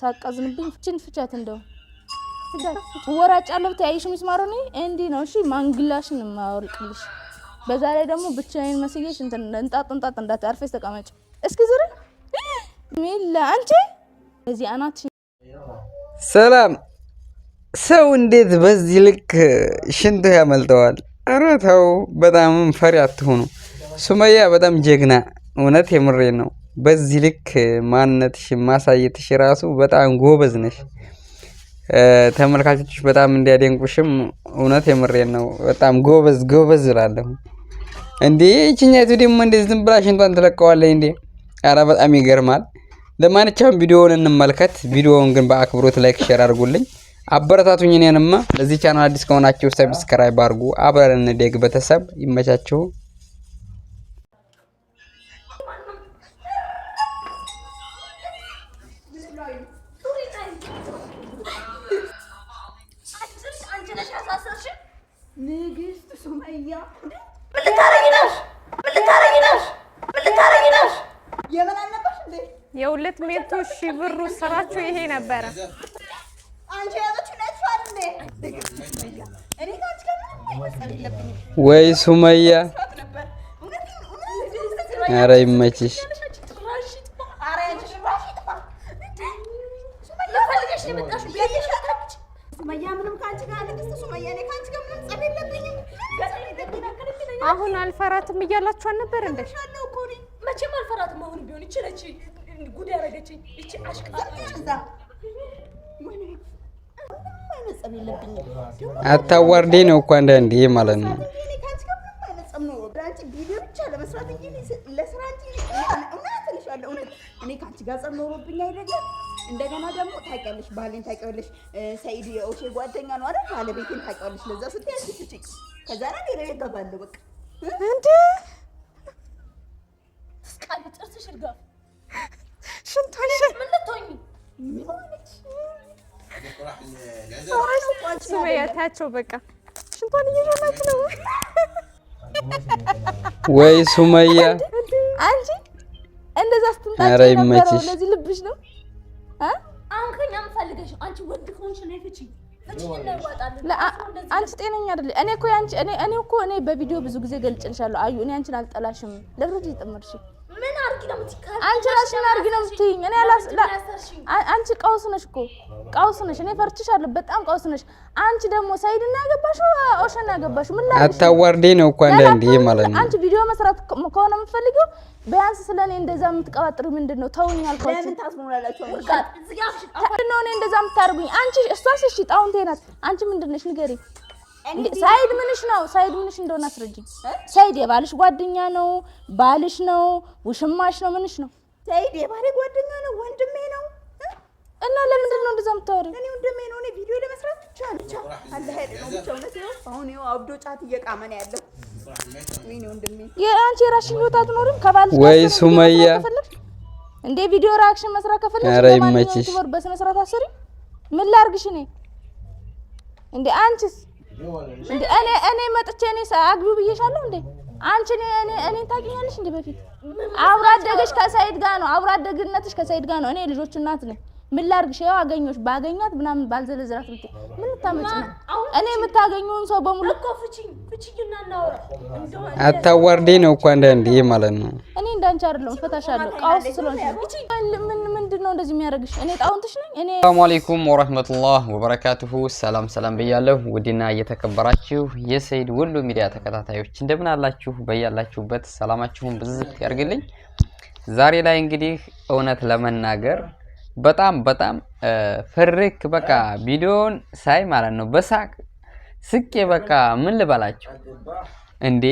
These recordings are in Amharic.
ሳቃዝንብኝ ችን ፍቻት እንደው ወራጭ አለው ተያይሽ ሚስማሩ ነው ነው። እሺ ማንግላሽን ማወርቅልሽ። በዛ ላይ ደግሞ ብቻዬን መስዬሽ እንጣጥ እንጣጥ ተቀመጭ። እስኪ ዝር ሚላ አንቺ እዚህ አናት ሰላም። ሰው እንዴት በዚህ ልክ ሽንቶ ያመልጠዋል? ኧረ ተው፣ በጣም ፈሪ አትሆኑ። ሱመያ በጣም ጀግና፣ እውነት የምሬ ነው። በዚህ ልክ ማንነትሽ ማሳየትሽ ራሱ በጣም ጎበዝ ነሽ። ተመልካቾች በጣም እንዲያደንቁሽም እውነት የምሬን ነው። በጣም ጎበዝ ጎበዝ እላለሁ። እንዴ ይችኛይቱ ደግሞ እንደ ዝም ብላ ሽንቷን ትለቀዋለች እንዴ! ኧረ በጣም ይገርማል። ለማንኛውም ቪዲዮውን እንመልከት። ቪዲዮውን ግን በአክብሮት ላይክ፣ ሼር አድርጉልኝ፣ አበረታቱኝ። እኔንማ ለዚህ ቻናል አዲስ ከሆናችሁ ሰብስክራይብ አድርጉ። አብረን እንደግ። ቤተሰብ ይመቻችሁ። ንግስት ሱመያ ምን ልታረጊ ነሽ? ምን ልታረጊ ነሽ? ምን ልታረጊ ነሽ? የምን እንዴ? የሁለት መቶ ሺህ ብሩ ስራችሁ ይሄ ነበረ። ወይ ሱመያ፣ ኧረ ይመችሽ። አልፈራትም እያላችሁ አልነበር እንዴ? መቼም አልፈራትም። አሁን ቢሆን ይችለች ጉድ ያደረገችኝ ይቺ አሽቃዛ አታዋርዴ ነው እኮ አንዳንዴ ማለት ነው። እኔ ከአንቺ ጋር ጸብ ኖሮብኝ አይደለም። እንደገና ደግሞ ታውቂያለሽ፣ ባሌን ታውቂያለሽ፣ የኦሼ ጓደኛ ነው አይደል? ባለቤቴን ታውቂያለሽ። ለዛ ከዛ ገባለሁ በቃ እንዴ ስቃል ጥርስሽ እርጋፍ ሽንቶሽ ምን ልትሆኚ ሱመያታቸው በቃ ሽንቷን እየሸናች ነው ወይ ሱመያ? አንቺ እንደዛ ስትንጣጭ የነበረው ለዚህ ልብሽ ነው። አሁን ከኛ ምን አንቺ ወድ ከሆንሽ ነይ ፍቺ አንቺ ጤነኛ አይደለ? እኔ እኮ ያንቺ እኔ እኔ እኮ እኔ በቪዲዮ ብዙ ጊዜ ገልጭልሻለሁ። አዩ እኔ አንቺን አልጠላሽም። ለብረት ይጥምርሽ አንቺ ራስሽ ምን አድርጊ ነው የምትይኝ? እኔ አንቺ ቀውስ ነሽ እኮ ቀውስ ነሽ። እኔ ፈርችሻለሁ፣ በጣም ቀውስ ነሽ። አንቺ ደግሞ ሳይድና ያገባሽ ኦሸን ያገባሽ ምን ላይ አታዋርዴ ነው እኮ አንዳንዴ ማለት ነው። አንቺ ቪዲዮ መስራት ከሆነ የምትፈልጊው ቢያንስ ስለ እኔ እንደዛ የምትቀባጥሪ ምንድን ነው? ተውኝ አልኳቸው። ምንድን ነው እኔ እንደዛ የምታደርጉኝ? አንቺ እሷስ እሺ ጣውንቴ ናት። አንቺ ምንድን ነሽ ንገሪኝ። ሳይድ ምንሽ ነው? ሳይድ ምንሽ እንደሆነ አስረጅኝ። ሳይድ የባልሽ ጓደኛ ነው? ባልሽ ነው? ውሽማሽ ነው? ምንሽ ነው? ሳይድ የባሌ ጓደኛ ነው፣ ወንድሜ ነው። እና ለምንድን ነው እንደዛ የምታወሪው? እኔ ወንድሜ ነው። እኔ ቪዲዮ ለመስራት ብቻ ብቻ አለ ሄድ ነው ብቻ ነው ሲሆን አሁን ይኸው አብዶ ጫት እየቃመ ነው ያለው። የአንቺ የራስሽን ህይወት አትኖሪም ከባልሽ ወይ ሱመያ እንዴ ቪዲዮ ሪአክሽን መስራት ከፈለግሽ ኧረ ይመችሽ። በስነ ስርዓት አሰሪ ምን ላርግሽ እኔ እንዴ አንቺስ እኔ መጥቼ እኔ አግቢው ብዬሻለሁ እንዴ? አንቺ እኔን ታውቂኛለሽ እንዴ? በፊት አብሮ አደገሽ ከሰይድ ጋር ነው። አብሮ አደግነትሽ ከሰይድ ጋር ነው። እኔ ልጆቹ እናት ነኝ። ምን ላድርግሽ? ያው አገኘሁሽ ባገኛት ምናምን ባልዘለዝራት ብቻ ምን ነው? እኔ የምታገኘውን ሰው በሙሉ እኮ ፍቺኝ ፍቺኝና አታዋርዴ ነው እኮ አንዳንዴ ይሄ ማለት ነው። እኔ እንዳንቺ አይደለም ፈታሻለሁ። ቃውስ ስለሆንሽ ምን ምንድን ነው እንደዚህ የሚያደርግሽ? እኔ ጣውንትሽ ነኝ እኔ። ሰላም አለይኩም ወራህመቱላህ ወበረካቱሁ። ሰላም ሰላም ብያለሁ። ውድና እየተከበራችሁ የሰይድ ወሎ ሚዲያ ተከታታዮች እንደምን አላችሁ? በያላችሁበት ሰላማችሁን ብዝት ያርግልኝ። ዛሬ ላይ እንግዲህ እውነት ለመናገር በጣም በጣም ፍርክ በቃ ቪዲዮን ሳይ ማለት ነው በሳቅ ስቄ በቃ ምን ልበላችሁ እንዴ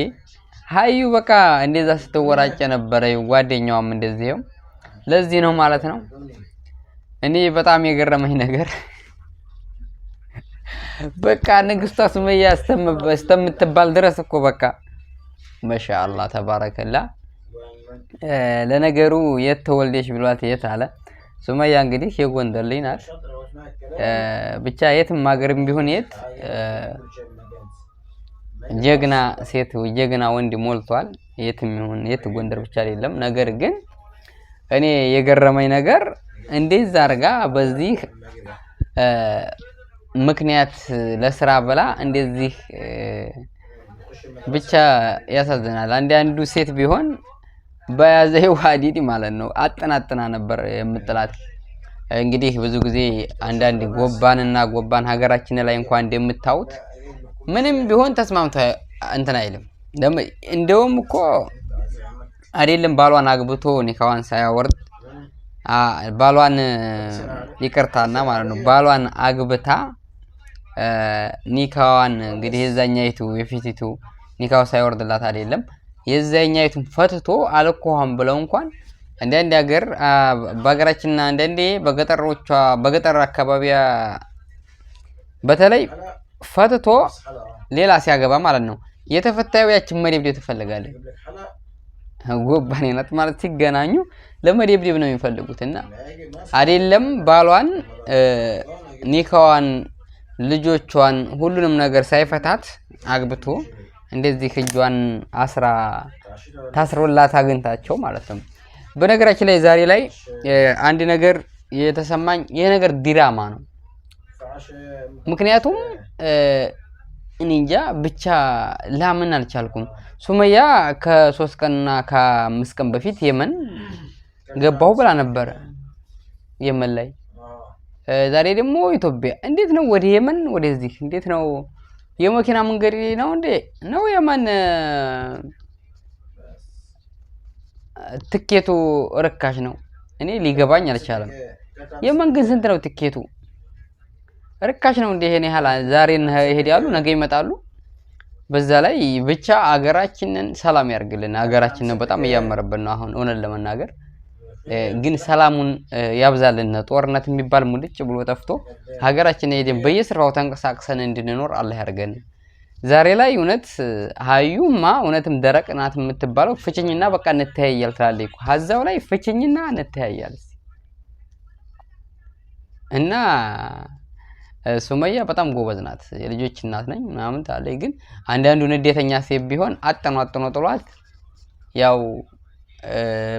ሀዩ በቃ እንደዛ ስትወራጨ ነበረ። ጓደኛዋም እንደዚህም ለዚህ ነው ማለት ነው። እኔ በጣም የገረመኝ ነገር በቃ ንግስቷ ሱመያ እስከምትባል ድረስ እኮ በቃ ማሻአላህ ተባረከላ። ለነገሩ የት ተወልደሽ ብሏት የት አለ ሱመያ እንግዲህ የጎንደር ልጅ ናት። ብቻ የትም ሀገርም ቢሆን የት ጀግና ሴት ጀግና ወንድ ሞልቷል። የትም ይሁን የት ጎንደር ብቻ አይደለም። ነገር ግን እኔ የገረመኝ ነገር እንዴት አርጋ በዚህ ምክንያት ለስራ ብላ እንደዚህ ብቻ ያሳዝናል። አንድ አንዱ ሴት ቢሆን በያዘው ዋዲድ ማለት ነው። አጠናጥና ነበር የምጥላት። እንግዲህ ብዙ ጊዜ አንዳንድ ጎባንና ጎባን ሀገራችን ላይ እንኳን እንደምታዩት ምንም ቢሆን ተስማምቶ እንትን አይልም። እንደውም እኮ አይደለም ባሏን አግብቶ ኒካዋን ሳያወርድ ባሏን ይቅርታና ማለት ነው ባሏን አግብታ ኒካዋን እንግዲህ የዛኛይቱ የፊቲቱ ኒካው ሳይወርድላት አይደለም የዛኛይቱን ፈትቶ አልኮሃም ብለው እንኳን አንዳንድ ሀገር በሀገራችንና አንዳንዴ በገጠሮቿ በገጠር አካባቢ በተለይ ፈትቶ ሌላ ሲያገባ ማለት ነው። የተፈታዩ ያችን መደብደብ ትፈልጋለች። ጎባኔ ናት ማለት ሲገናኙ ለመደብደብ ነው የሚፈልጉት እና አይደለም ባሏን፣ ኒካዋን፣ ልጆቿን ሁሉንም ነገር ሳይፈታት አግብቶ እንደዚህ እጇን አስራ ታስሮላት አግኝታቸው ማለት ነው። በነገራችን ላይ ዛሬ ላይ አንድ ነገር የተሰማኝ ይሄ ነገር ዲራማ ነው። ምክንያቱም እኔ እንጃ ብቻ ላምን አልቻልኩም። ሱመያ ከሶስት ቀንና ከአምስት ቀን በፊት የመን ገባሁ ብላ ነበረ የመን ላይ ዛሬ ደግሞ ኢትዮጵያ። እንዴት ነው ወደ የመን ወደዚህ? እንዴት ነው የመኪና መንገድ ነው እንዴ? ነው የማን ትኬቱ ርካሽ ነው? እኔ ሊገባኝ አልቻለም። የመንግን ስንት ነው ትኬቱ? ርካሽ ነው እንዴ? ይሄን ያህል ዛሬ ይሄዳሉ፣ ነገ ይመጣሉ። በዛ ላይ ብቻ አገራችንን ሰላም ያርግልን። አገራችንን በጣም እያመረብን ነው አሁን እውነት ለመናገር ግን ሰላሙን ያብዛልን። ጦርነት የሚባል ሙልጭ ብሎ ጠፍቶ ሀገራችን ሄደን በየስራው ተንቀሳቅሰን እንድንኖር አላህ ያርገን። ዛሬ ላይ እውነት ሀዩማ እውነትም ደረቅ ናት የምትባለው ፍችኝና በቃ እንተያያል ትላለች ሀዛው ላይ ፍችኝና እንተያያል እና ሱመያ በጣም ጎበዝ ናት። የልጆች እናት ነኝ ምናምን ታለች። ግን አንዳንዱ ንዴተኛ ሴት ቢሆን አጠኖ አጠኖ ጥሏት ያው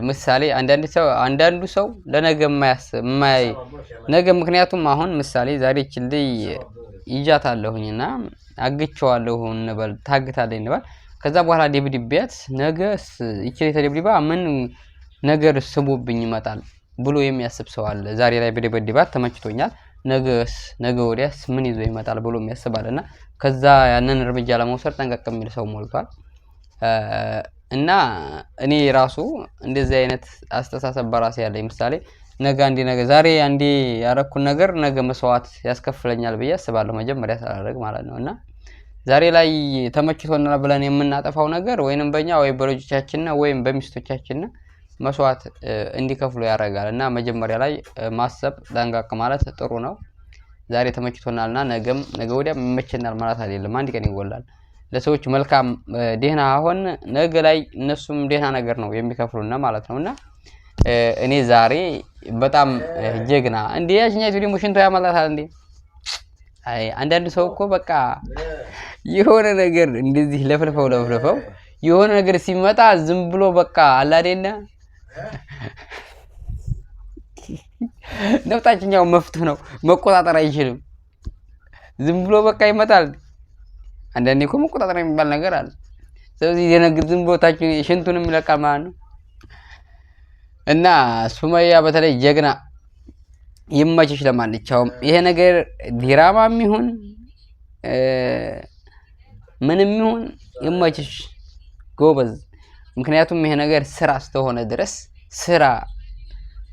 ምሳሌ አንዳንድ ሰው አንዳንዱ ሰው ለነገ የማያስብ የማይ ነገ ምክንያቱም አሁን ምሳሌ ዛሬ እቺ ልጅ ይጃታለሁኝና አግቸዋለሁ እንበል ታግታለኝ እንበል ከዛ በኋላ ደብድቤያት ነገስ እቺ ተደብድባ ምን ነገር ስቦብኝ ይመጣል ብሎ የሚያስብ ሰው አለ። ዛሬ ላይ በደበድባት ተመችቶኛል፣ ነገስ ነገ ወዲያስ ምን ይዞ ይመጣል ብሎ የሚያስብ አለና ከዛ ያንን እርምጃ ለመውሰድ ጠንቀቅ የሚል ሰው ሞልቷል። እና እኔ ራሱ እንደዚህ አይነት አስተሳሰብ በራሴ ያለኝ ምሳሌ ነገ አንዲ ነገ ዛሬ አንዲ ያረኩን ነገር ነገ መስዋዕት ያስከፍለኛል ብዬ አስባለሁ። መጀመሪያ ሳላደርግ ማለት ነው። እና ዛሬ ላይ ተመችቶናል ብለን የምናጠፋው ነገር ወይንም በእኛ ወይ በልጆቻችንና ወይም በሚስቶቻችንና መስዋዕት እንዲከፍሉ ያደርጋል። እና መጀመሪያ ላይ ማሰብ ጠንቀቅ ማለት ጥሩ ነው። ዛሬ ተመችቶናልና ነገም ነገ ወዲያ ይመቸናል ማለት አይደለም። አንድ ቀን ይጎላል። ለሰዎች መልካም ደህና ሆን ነገ ላይ እነሱም ደህና ነገር ነው የሚከፍሉና ማለት ነውና እኔ ዛሬ በጣም ጀግና እንዴ ያሽኛይቱ ደግሞ ሽንቶ ያመላታል እንዴ አንዳንድ ሰው እኮ በቃ የሆነ ነገር እንደዚህ ለፍልፈው ለፍልፈው የሆነ ነገር ሲመጣ ዝም ብሎ በቃ አላደለ ነብጣችኛው መፍቱ ነው መቆጣጠር አይችልም ዝም ብሎ በቃ ይመጣል አንዳንዴ እኮ መቆጣጠር የሚባል ነገር አለ። ስለዚህ የነግር ዝም ቦታችን ሽንቱንም ይለቃል ማለት ነው። እና ሱመያ በተለይ ጀግና ይመችሽ ለማንኛውም ይሄ ነገር ዲራማም ይሁን ምንም ይሁን ይመችሽ ጎበዝ። ምክንያቱም ይሄ ነገር ስራ ስተሆነ ድረስ ስራ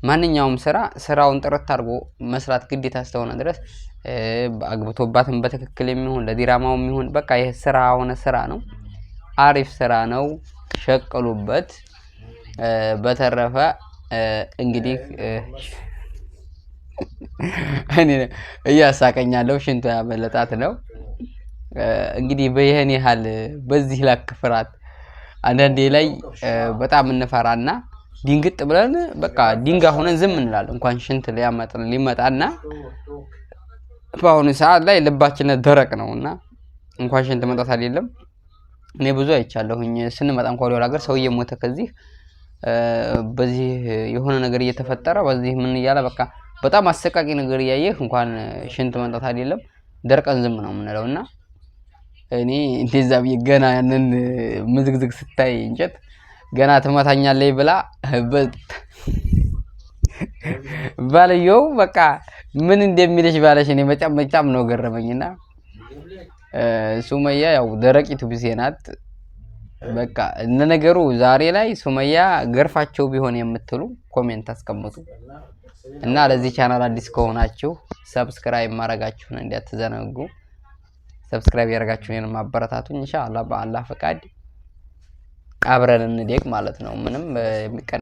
ማንኛውም ስራ ስራውን ጥርት አድርጎ መስራት ግዴታ እስከሆነ ድረስ አግብቶባትን በትክክል የሚሆን ለዲራማው የሚሆን በቃ ይህ ስራ ሆነ ስራ ነው። አሪፍ ስራ ነው። ሸቅሉበት። በተረፈ እንግዲህ እኔ እያሳቀኛለሁ፣ ሽንቶ ያመለጣት ነው። እንግዲህ በይህን ያህል በዚህ ላክ ፍራት አንዳንዴ ላይ በጣም እንፈራና ድንግጥ ብለን በቃ ድንጋይ ሆነን ዝም እንላለን። እንኳን ሽንት ሊመጣና በአሁኑ ሰዓት ላይ ልባችን ደረቅ ነው እና እንኳን ሽንት መጣት አይደለም። እኔ ብዙ አይቻለሁኝ። ስንመጣ እንኳን ወደ ሀገር ሰው ሞተ ከዚህ በዚህ የሆነ ነገር እየተፈጠረ በዚህ ምን እያለ በቃ በጣም አሰቃቂ ነገር እያየህ እንኳን ሽንት መጣት አይደለም ደርቀን ዝም ነው የምንለው እና እኔ እንደዛ ብዬ ገና ያንን ምዝግዝግ ስታይ እንጨት ገና ትመታኛለች ብላ ባልየው በቃ ምን እንደሚልሽ ባለሽ እኔ በጣም በጣም ነው ገረመኝና ሱመያ ያው ደረቂቱ ብዜ ናት። በቃ እነ ነገሩ ዛሬ ላይ ሱመያ ገርፋቸው ቢሆን የምትሉ ኮሜንት አስቀምጡ እና ለዚህ ቻናል አዲስ ከሆናችሁ ሰብስክራይብ ማድረጋችሁን እንዳትዘነጉ። ሰብስክራይብ ያደረጋችሁን ማበረታቱ ኢንሻአላህ በአላህ ፈቃድ አብረን እንደግ ማለት ነው። ምንም